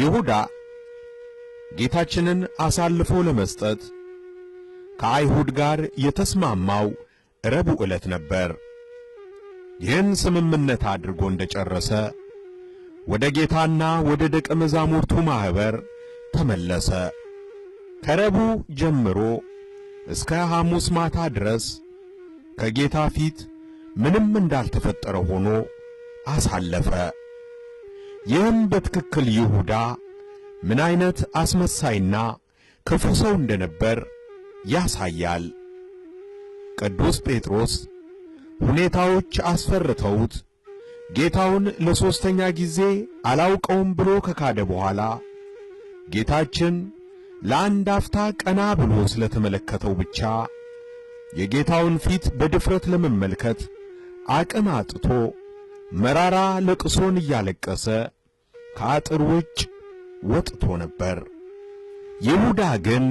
ይሁዳ ጌታችንን አሳልፎ ለመስጠት ከአይሁድ ጋር የተስማማው ረቡዕ ዕለት ነበር። ይህን ስምምነት አድርጎ እንደጨረሰ ወደ ጌታና ወደ ደቀ መዛሙርቱ ማኅበር ተመለሰ። ከረቡዕ ጀምሮ እስከ ሐሙስ ማታ ድረስ ከጌታ ፊት ምንም እንዳልተፈጠረ ሆኖ አሳለፈ። ይህም በትክክል ይሁዳ ምን አይነት አስመሳይና ክፉ ሰው እንደነበር ያሳያል። ቅዱስ ጴጥሮስ ሁኔታዎች አስፈርተውት ጌታውን ለሦስተኛ ጊዜ አላውቀውም ብሎ ከካደ በኋላ ጌታችን ለአንድ አፍታ ቀና ብሎ ስለተመለከተው ብቻ የጌታውን ፊት በድፍረት ለመመልከት አቅም አጥቶ መራራ ለቅሶን እያለቀሰ ከአጥር ውጭ ወጥቶ ነበር። ይሁዳ ግን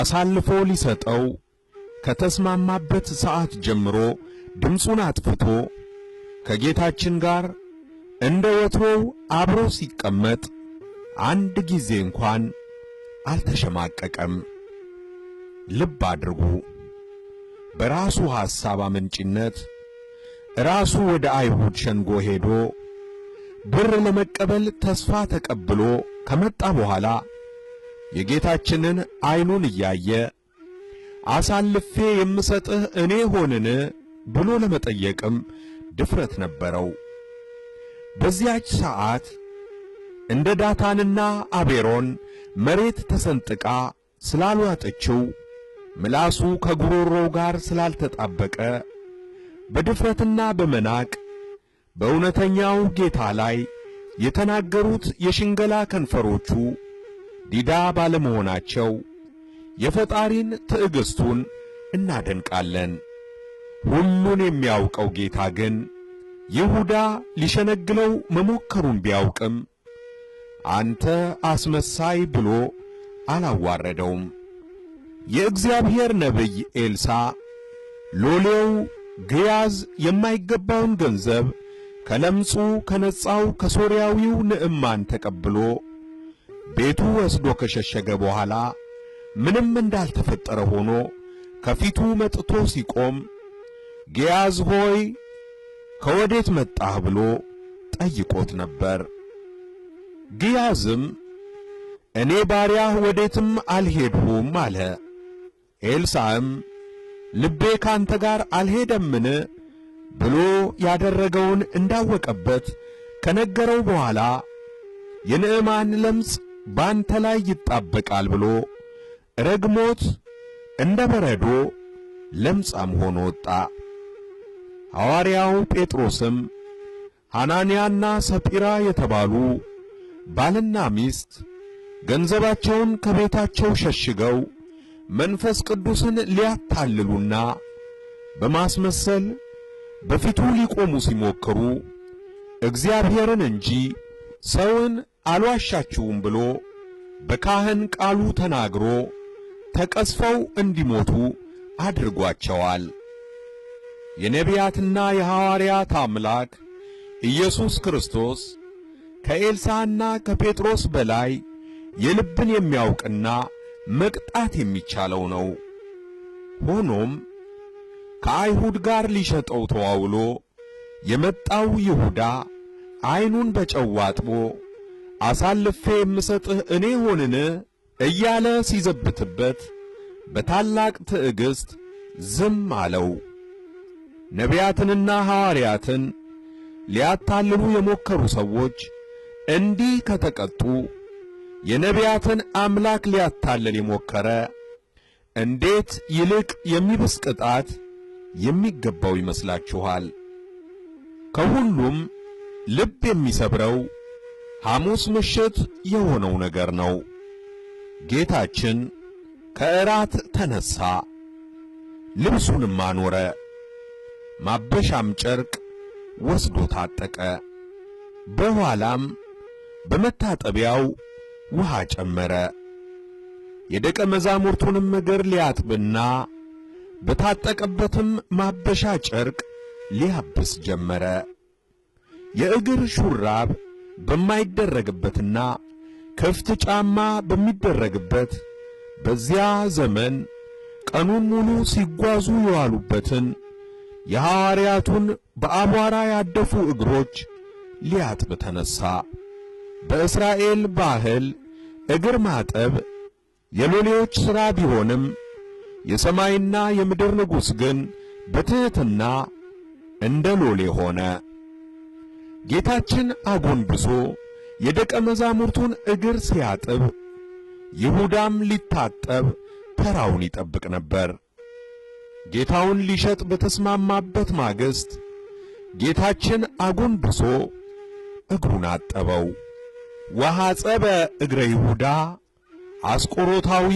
አሳልፎ ሊሰጠው ከተስማማበት ሰዓት ጀምሮ ድምፁን አጥፍቶ ከጌታችን ጋር እንደ ወትሮው አብሮ ሲቀመጥ አንድ ጊዜ እንኳን አልተሸማቀቀም። ልብ አድርጉ፣ በራሱ ሐሳብ አመንጭነት ራሱ ወደ አይሁድ ሸንጎ ሄዶ ብር ለመቀበል ተስፋ ተቀብሎ ከመጣ በኋላ የጌታችንን አይኑን እያየ አሳልፌ የምሰጥህ እኔ ሆንን ብሎ ለመጠየቅም ድፍረት ነበረው። በዚያች ሰዓት እንደ ዳታንና አቤሮን መሬት ተሰንጥቃ ስላልዋጠችው ምላሱ ከጉሮሮው ጋር ስላልተጣበቀ በድፍረትና በመናቅ በእውነተኛው ጌታ ላይ የተናገሩት የሽንገላ ከንፈሮቹ ዲዳ ባለመሆናቸው የፈጣሪን ትዕግሥቱን እናደንቃለን። ሁሉን የሚያውቀው ጌታ ግን ይሁዳ ሊሸነግለው መሞከሩን ቢያውቅም አንተ አስመሳይ ብሎ አላዋረደውም። የእግዚአብሔር ነቢይ ኤልሳ ሎሌው ግያዝ የማይገባውን ገንዘብ ከለምጹ ከነጻው ከሶርያዊው ንዕማን ተቀብሎ ቤቱ ወስዶ ከሸሸገ በኋላ ምንም እንዳልተፈጠረ ሆኖ ከፊቱ መጥቶ ሲቆም ግያዝ ሆይ ከወዴት መጣህ ብሎ ጠይቆት ነበር። ግያዝም እኔ ባሪያህ ወዴትም አልሄድሁም አለ። ኤልሳዕም ልቤ ካንተ ጋር አልሄደምን ብሎ ያደረገውን እንዳወቀበት ከነገረው በኋላ የንዕማን ለምጽ ባንተ ላይ ይጣበቃል ብሎ ረግሞት እንደ በረዶ ለምጻም ሆኖ ወጣ። ሐዋርያው ጴጥሮስም ሐናንያና ሰጲራ የተባሉ ባልና ሚስት ገንዘባቸውን ከቤታቸው ሸሽገው መንፈስ ቅዱስን ሊያታልሉና በማስመሰል በፊቱ ሊቆሙ ሲሞክሩ እግዚአብሔርን እንጂ ሰውን አልዋሻችሁም ብሎ በካህን ቃሉ ተናግሮ ተቀስፈው እንዲሞቱ አድርጓቸዋል። የነቢያትና የሐዋርያት አምላክ ኢየሱስ ክርስቶስ ከኤልሳና ከጴጥሮስ በላይ የልብን የሚያውቅና መቅጣት የሚቻለው ነው። ሆኖም ከአይሁድ ጋር ሊሸጠው ተዋውሎ የመጣው ይሁዳ አይኑን በጨው አጥቦ አሳልፌ የምሰጥህ እኔ ሆንን እያለ ሲዘብትበት በታላቅ ትዕግሥት ዝም አለው። ነቢያትንና ሐዋርያትን ሊያታልሉ የሞከሩ ሰዎች እንዲህ ከተቀጡ የነቢያትን አምላክ ሊያታለል የሞከረ እንዴት ይልቅ የሚብስ ቅጣት የሚገባው ይመስላችኋል? ከሁሉም ልብ የሚሰብረው ሐሙስ ምሽት የሆነው ነገር ነው። ጌታችን ከእራት ተነሳ ልብሱንም አኖረ፣ ማበሻም ጨርቅ ወስዶ ታጠቀ። በኋላም በመታጠቢያው ውሃ ጨመረ። የደቀ መዛሙርቱንም እግር ሊያጥብና በታጠቀበትም ማበሻ ጨርቅ ሊያብስ ጀመረ። የእግር ሹራብ በማይደረግበትና ክፍት ጫማ በሚደረግበት በዚያ ዘመን ቀኑን ሙሉ ሲጓዙ የዋሉበትን የሐዋርያቱን በአቧራ ያደፉ እግሮች ሊያጥብ ተነሣ። በእስራኤል ባህል እግር ማጠብ የሎሌዎች ሥራ ቢሆንም የሰማይና የምድር ንጉሥ ግን በትሕትና እንደ ሎሌ ሆነ። ጌታችን አጎንብሶ የደቀ መዛሙርቱን እግር ሲያጥብ፣ ይሁዳም ሊታጠብ ተራውን ይጠብቅ ነበር። ጌታውን ሊሸጥ በተስማማበት ማግስት ጌታችን አጎንብሶ እግሩን አጠበው። ወሐጸበ እግረ ይሁዳ አስቆሮታዊ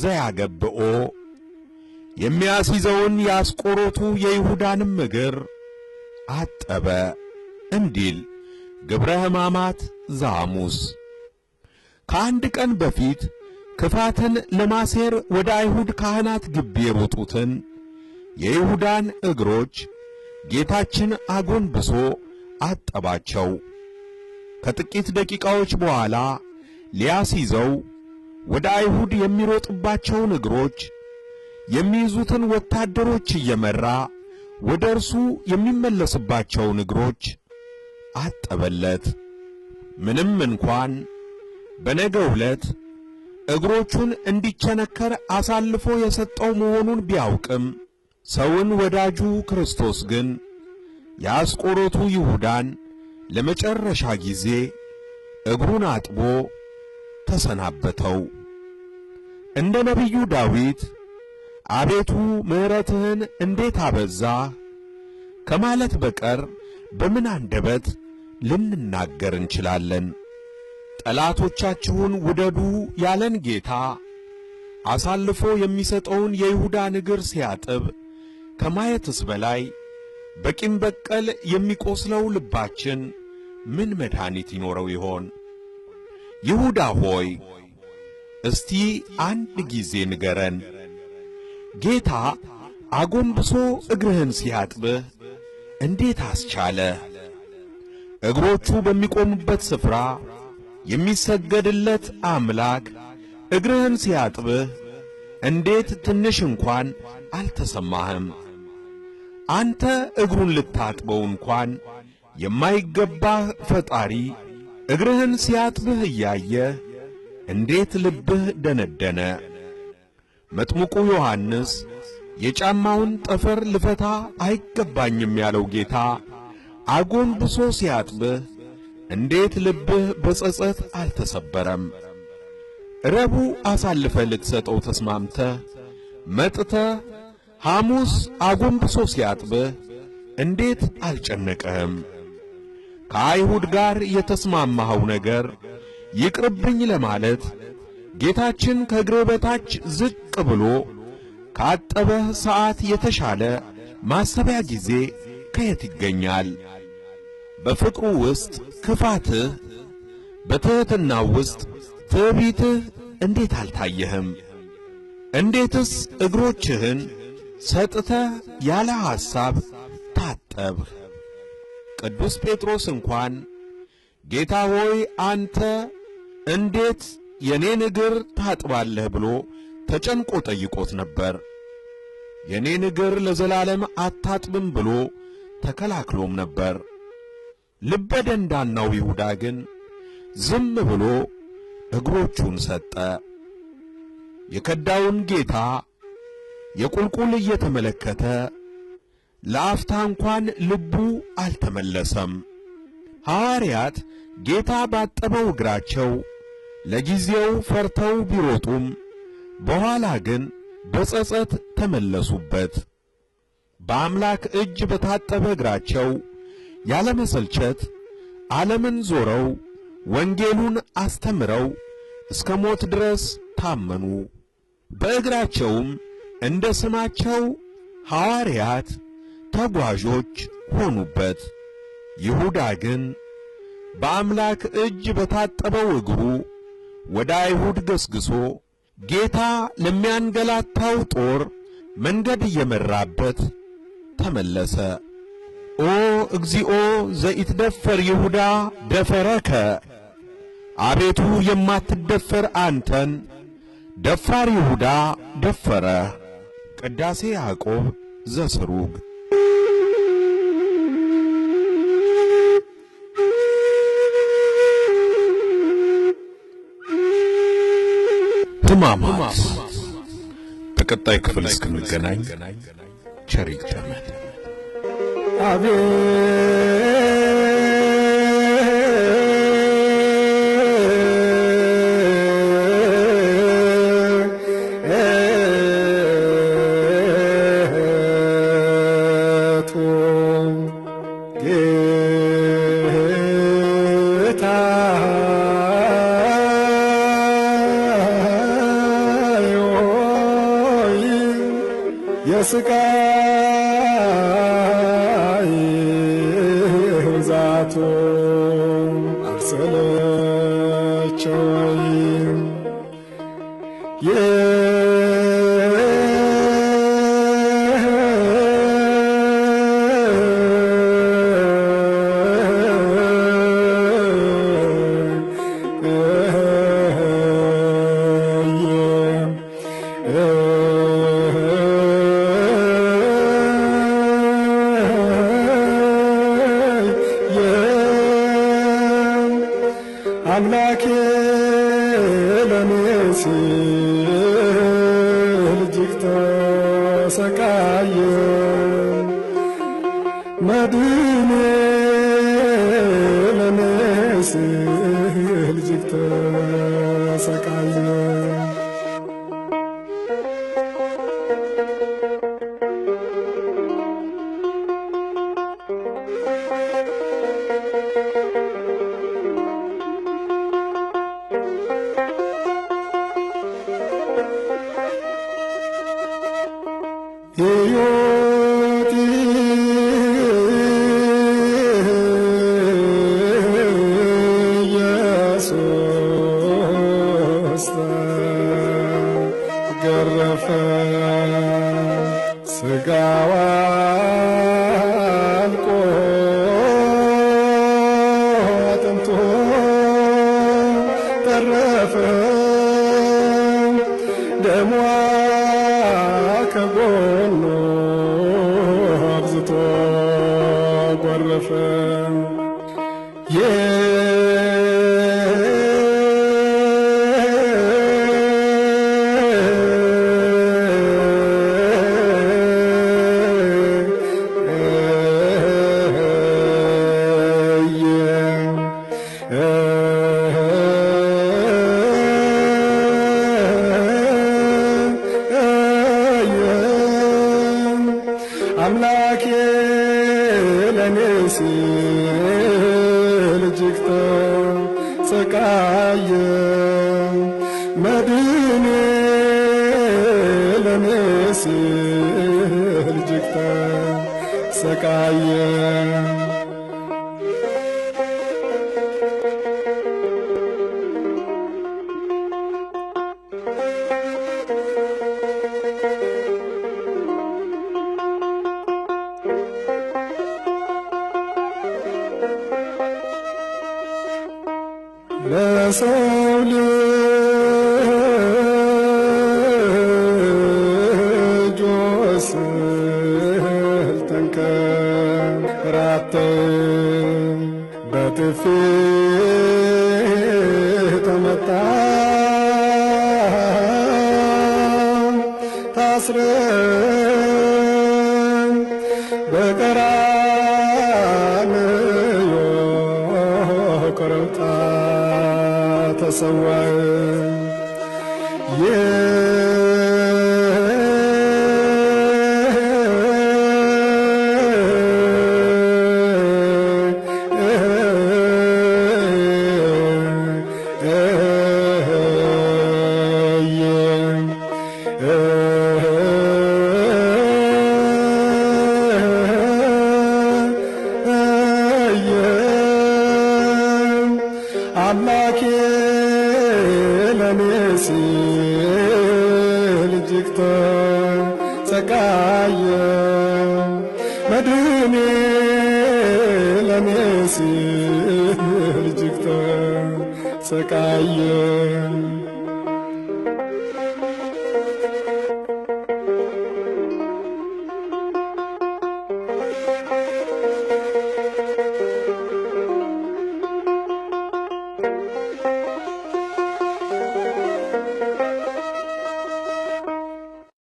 ዘያገብኦ የሚያስይዘውን የአስቆሮቱ የይሁዳንም እግር አጠበ እንዲል ግብረ ሕማማት ዛሙስ ከአንድ ቀን በፊት ክፋትን ለማሴር ወደ አይሁድ ካህናት ግቢ የሮጡትን የይሁዳን እግሮች ጌታችን አጎንብሶ አጠባቸው። ከጥቂት ደቂቃዎች በኋላ ሊያስይዘው ወደ አይሁድ የሚሮጥባቸውን እግሮች የሚይዙትን ወታደሮች እየመራ ወደ እርሱ የሚመለስባቸውን እግሮች አጠበለት። ምንም እንኳን በነገው ዕለት እግሮቹን እንዲቸነከር አሳልፎ የሰጠው መሆኑን ቢያውቅም ሰውን ወዳጁ ክርስቶስ ግን የአስቆሮቱ ይሁዳን ለመጨረሻ ጊዜ እግሩን አጥቦ ተሰናበተው። እንደ ነቢዩ ዳዊት አቤቱ ምሕረትህን እንዴት አበዛ! ከማለት በቀር በምን አንደበት ልንናገር እንችላለን? ጠላቶቻችሁን ውደዱ ያለን ጌታ አሳልፎ የሚሰጠውን የይሁዳን እግር ሲያጥብ ከማየትስ በላይ በቂም በቀል የሚቆስለው ልባችን ምን መድኃኒት ይኖረው ይሆን? ይሁዳ ሆይ እስቲ አንድ ጊዜ ንገረን። ጌታ አጎንብሶ እግርህን ሲያጥብህ እንዴት አስቻለ? እግሮቹ በሚቆሙበት ስፍራ የሚሰገድለት አምላክ እግርህን ሲያጥብህ እንዴት ትንሽ እንኳን አልተሰማህም? አንተ እግሩን ልታጥበው እንኳን የማይገባህ ፈጣሪ እግርህን ሲያጥብህ እያየ እንዴት ልብህ ደነደነ። መጥምቁ ዮሐንስ የጫማውን ጠፈር ልፈታ አይገባኝም ያለው ጌታ አጎንብሶ ሲያጥብህ እንዴት ልብህ በጸጸት አልተሰበረም? ረቡ አሳልፈ ልትሰጠው ተስማምተ መጥተ ሐሙስ አጎንብሶ ሲያጥብህ እንዴት አልጨነቀህም? ከአይሁድ ጋር የተስማማኸው ነገር ይቅርብኝ ለማለት ጌታችን ከእግርህ በታች ዝቅ ብሎ ካጠበህ ሰዓት የተሻለ ማሰቢያ ጊዜ ከየት ይገኛል? በፍቅሩ ውስጥ ክፋትህ፣ በትሕትናው ውስጥ ትዕቢትህ እንዴት አልታየህም? እንዴትስ እግሮችህን ሰጥተህ ያለ ሐሳብ ታጠብህ? ቅዱስ ጴጥሮስ እንኳን ጌታ ሆይ አንተ እንዴት የኔን እግር ታጥባለህ ብሎ ተጨንቆ ጠይቆት ነበር። የኔን እግር ለዘላለም አታጥብም ብሎ ተከላክሎም ነበር። ልበ ደንዳናው ይሁዳ ግን ዝም ብሎ እግሮቹን ሰጠ። የከዳውን ጌታ የቁልቁል እየተመለከተ ለአፍታ እንኳን ልቡ አልተመለሰም። ሐዋርያት ጌታ ባጠበው እግራቸው ለጊዜው ፈርተው ቢሮጡም በኋላ ግን በጸጸት ተመለሱበት። በአምላክ እጅ በታጠበ እግራቸው ያለመሰልቸት ዓለምን ዞረው ወንጌሉን አስተምረው እስከ ሞት ድረስ ታመኑ። በእግራቸውም እንደ ስማቸው ሐዋርያት ተጓዦች ሆኑበት። ይሁዳ ግን በአምላክ እጅ በታጠበው እግሩ ወደ አይሁድ ገስግሶ ጌታ ለሚያንገላታው ጦር መንገድ እየመራበት ተመለሰ። ኦ እግዚኦ ዘኢትደፈር ይሁዳ ደፈረከ፣ አቤቱ የማትደፈር አንተን ደፋር ይሁዳ ደፈረ። ቅዳሴ ያዕቆብ ዘስሩግ ህማማት በቀጣይ ክፍል እስክንገናኝ ቸር ይግጠመን። አቤት አምላኬ ለኔ ሲል እጅግ ተሰቃየ መድኔ አጥንቱ ተረፈ ደሟ ከጎኑ አብዝቶ ጎረፈ። Amen. ተንከራተ በጥፊ ተመታ ታስረ በቀራንዮ ኮረብታ ተሰዋ ተሰቃየ መድኔ ለኔ እጅግ ተሰቃየ